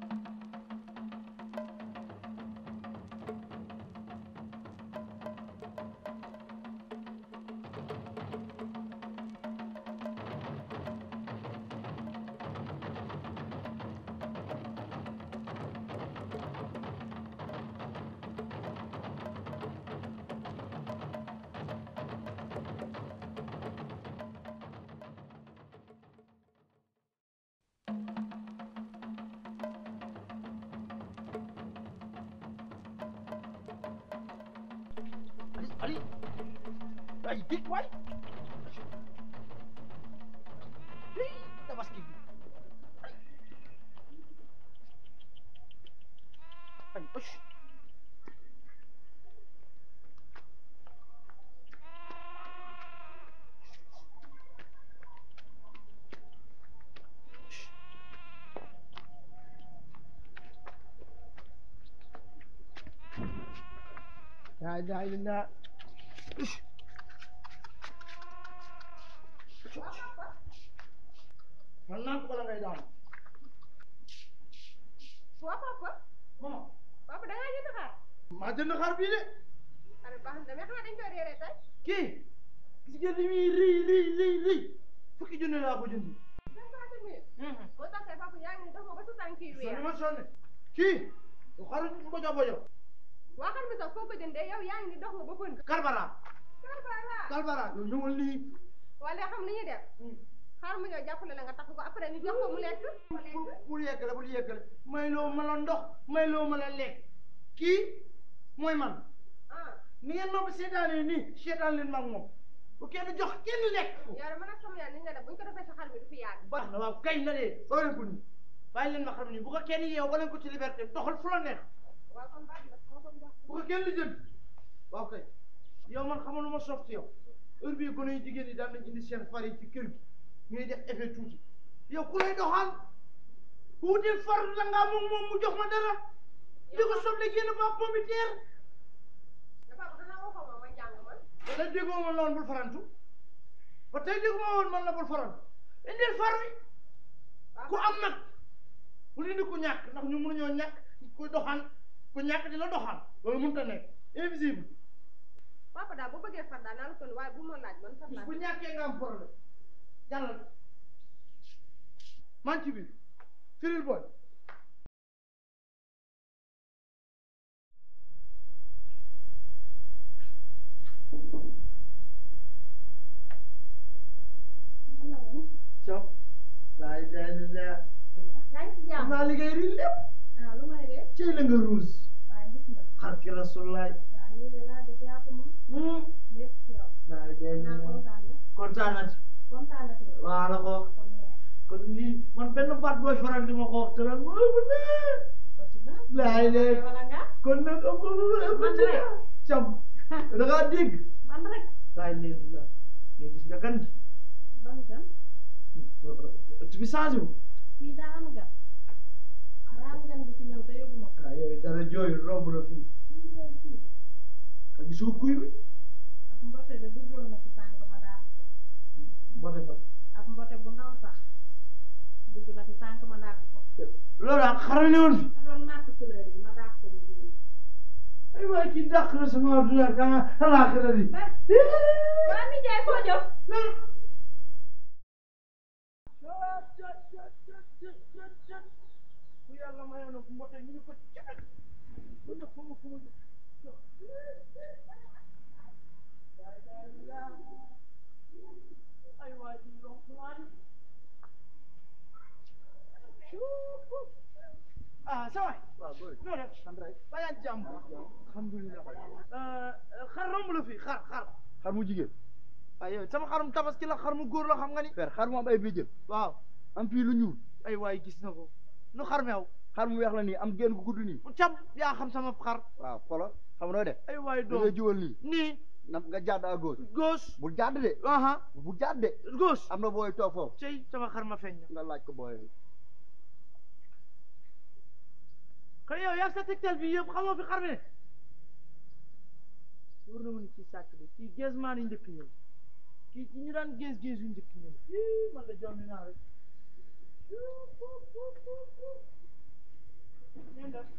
Thank you. Allez Là, il pique, ouais Là, va ce Allez, push لا اله الا Düş. Mannan ko la ngay daan. waa papa. bon. papa da ngaa jënd xaar. maa jënd xaar bii de. allo baax na mais xanaa dañu koy réeré tey. kii. gis ngeen li muy rëy rëy rëy rëy. fukki junne laa ko jënd. Hmm. boo taxee papa yaa ngi dox ba sa tànk yi. kii. xaru bojo bojo. waa xar mi sax foo ko jëndee yow yaa ngi ni dox nga ba fën karbala karbala karbala nii wala xam ni ñuy def hmm. xar mu ñëw jàppale la nga tax ko après ñu jox ko mu lekk bul yeggale bul yeggale may loo ma la ndox may loo ma la lekk kii mooy man ah. ni ngeen ma ko seetaanee nii seetaan leen mag moom bu kenn jox kenn lekk yow man ak sama yaay ni nga def bu ñu na waaw kañ de boo leen ko nii bàyyi leen mi nii bu kenn yeew ba leen ko ci liberté doxal fu la bu ko kenn lijjanti waaw kay yow man xamaluma ma soob yow heure bii gone yu jigéen daan nañ indi seen far ci kër gi ñuy def effet tuuti yow ku lay doxaan ku wutil far la moom moom mu jox ma dara di ko soble génn ba pombi teer wala déggoo ma la woon bul farantu ba tey déggoo ma woon man la bul farantu indil far wi ku am nag bu indi ku ñàkk ndax ñu mënuñoo ñàkk ku doxaan ku ñàkk di la doxaan loolu mënut a nekk invisible. papa daal boo bëggee far daal naa la ko waaye bu ma laaj man far daal. bu ñàkkee nga am problème jàllal man cey la nga ruus barki rasulaay daal jay hmm? kontaanati waa la ko wax kon lii man benn baat booy faral di ma ko wax te naan ma ëpp naa laay lee kon nag ëpp ëpp ci cam da ngaa dégg la mais gis nga kan gi tu bi changé wu jooy romb na fii te gisoo kuy bi mbote de duggoon na fi sànq ma daal mbote fa ab mbote bu ndaw sax dugg na fi sànq ma daal ko loolu daal xarale woon fi doon màkk fleur yi ma daal ko mu jël ay waay kii dàq na sama dina kaa alaaxira di waa mi jaay foo jóg ku yàlla mayoon na mbote ñu ko سمعي مالك لا جنب الحمد لله خر lu fi xar xar xar mu jigéen aywa sama xarum tabaski la xar mu góor la xam nga ni fer xar mu am ay béjjën waaw am fii lu ñuul ay waay gis na ko nu xar mu weex la nii am génn gu gudd nii. cam yaa xam sama xar. waaw xoolal xam nga nooy def. ay waay doom nii. nga jàdd à gauche. gauche bul jàdd de. bul jàdd de. gauche am na booy toog foofu. cey sama xar ma feeñ nga laaj ko booy. kon yow yaa sa tegtal bi yëpp xamoo fi xar ne. war na mën ci sàcc bi kii gées maa ni njëkk ñëw kii ci ñu daan gées gées yu njëkk Ну да.